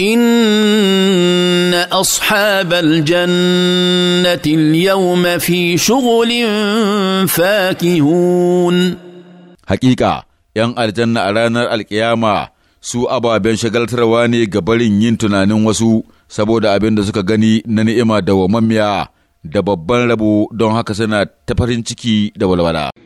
ان اصحاب الجنه اليوم في شغل فاكهون حقيقه yan aljanna a ranar alkiyama su ababen shagaltarwa ne ga barin yin tunanin wasu saboda abin da suka gani na ni'ima da wamammiya da babban rabo don haka suna ta farin ciki da walwala